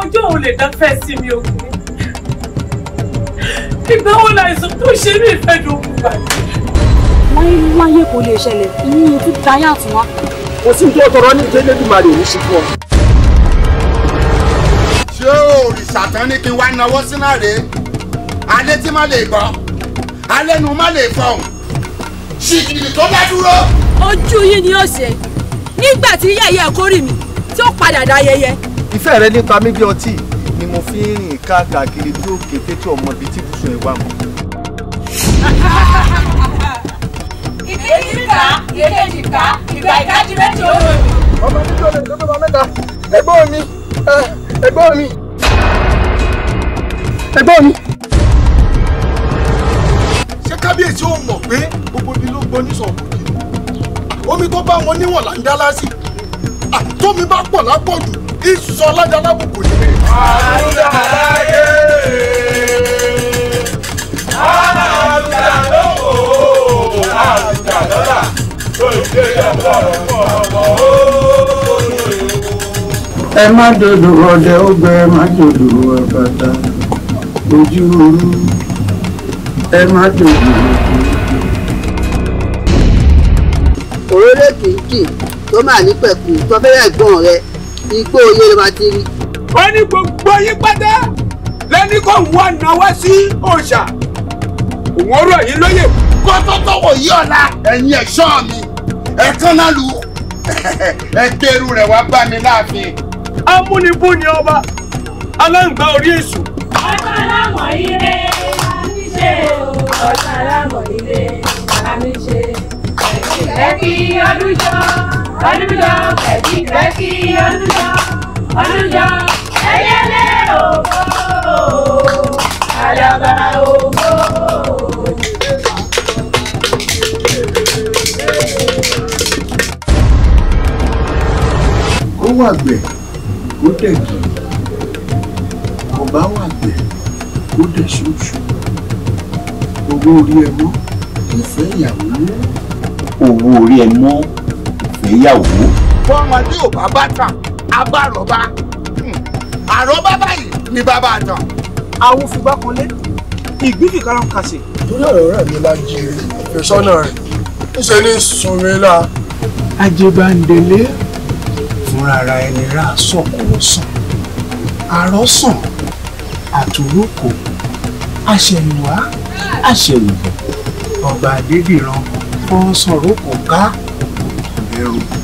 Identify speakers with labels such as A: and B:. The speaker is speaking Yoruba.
A: ọjọ́ òun lè dáfẹ́ sí mi òkú ìgbà wo láìsàn tó ṣe ní ìfẹ́ dòkun báyìí. láyé kò lè ṣẹlẹ̀ inú mi ti dáyà tún wá. kò sí nǹkan tọrọ ní ìdílé Èdùmàrè òun ṣe fún ọ. ṣé òrìṣà tán ní kí n wá náwó sínú àrè alẹ́ tí má lè gbọ́ alẹ́ nu má lè fọhùn ṣìkìrì tó bá dúró. ojú yín ni ó ṣe nígbà tí yẹ̀yẹ́ kórìí mi tí ó padà dá yẹyẹ ìfẹ́ rẹ nípa mi bí ọtí ni mo fi ń rìn káàkiri tí ó kété tí ọmọ ibi tí ibùsùn ẹ̀ wà mọ́. ìkíni ká ìkejì ká ìgbà ìdájí méjì ó lò mí. ọmọ mi ló lè tó tó bá mẹ́ta ẹ̀gbọ́n mi ẹ̀gbọ́n mi ẹ̀gbọ́n mi. ṣé kábíyèsí ò mọ̀ pé gbogbo ibi ló gbọ́ nísọ̀kùn omi tó bá wọn níwọ̀n là ń dá lásì tómi bá pọ̀ lápọ̀ jù ìsọlájà lábùkù ni mi. àlùdà láyé àlùdà lóko àlùdà lọ́la lóde ẹ̀fọ́ ọ̀pọ̀ ẹ má dodo ọdẹ ó gbẹ ẹ má dodo ọbàtà ojú ooru ẹ má dodo òróró kìí kì tó máa ní pẹ̀kú tó fẹ́rẹ̀ gbọ́n rẹ igbó Yorùbá ti rí. ó ní gbogbo yín pátá lẹ́ni kó wọ́n náwó sí òòṣà òun ọ̀rọ̀ yìí lóye. kó tó tọwọ yí ọ̀la ẹ̀yin ẹ̀ṣọ́ mi ẹ̀kan náà lù ú ẹ gbèrú rẹ̀ wá bá mi láàfin. amúnibúni ọba aláǹgbá orí èṣù. ọ̀tá aláwọ̀ ire àníṣe ọ̀tá aláwọ̀ ire àníṣe ẹ̀kí ọdún jọ. Ọdúnjọ pẹ̀kípẹ̀kí ọdúnjọ ọdúnjọ ẹyẹlé òfò àdàbà òfò. ó wà gbẹ̀ kó dẹ̀gì ọba wà gbẹ̀ kó dẹ̀ ṣoṣo owó orí ẹ mọ́ ẹ̀fẹ́ ìyàwó owó orí ẹ fẹ́ yàwó. fọmọ ní ò bá bá tàn abárọ̀bá hmm. àròbá báyìí ni bàbá àtàn. àwọn fìgbà kan lé ìgbìkì karan kàṣe. torí ọ̀rọ̀ rẹ̀ mi lájí ìfẹ́sọ́nà rẹ̀ níṣẹ́ ní sunmílà. ajébándélé fúnra ara ẹni rà sọ̀kòrò sàn àrọ́sàn àtòrókò àṣẹ̀yìnwá àṣẹ̀yìnbọ̀ ọba adédìran fọ́n sọ̀rọ̀ kò ká you.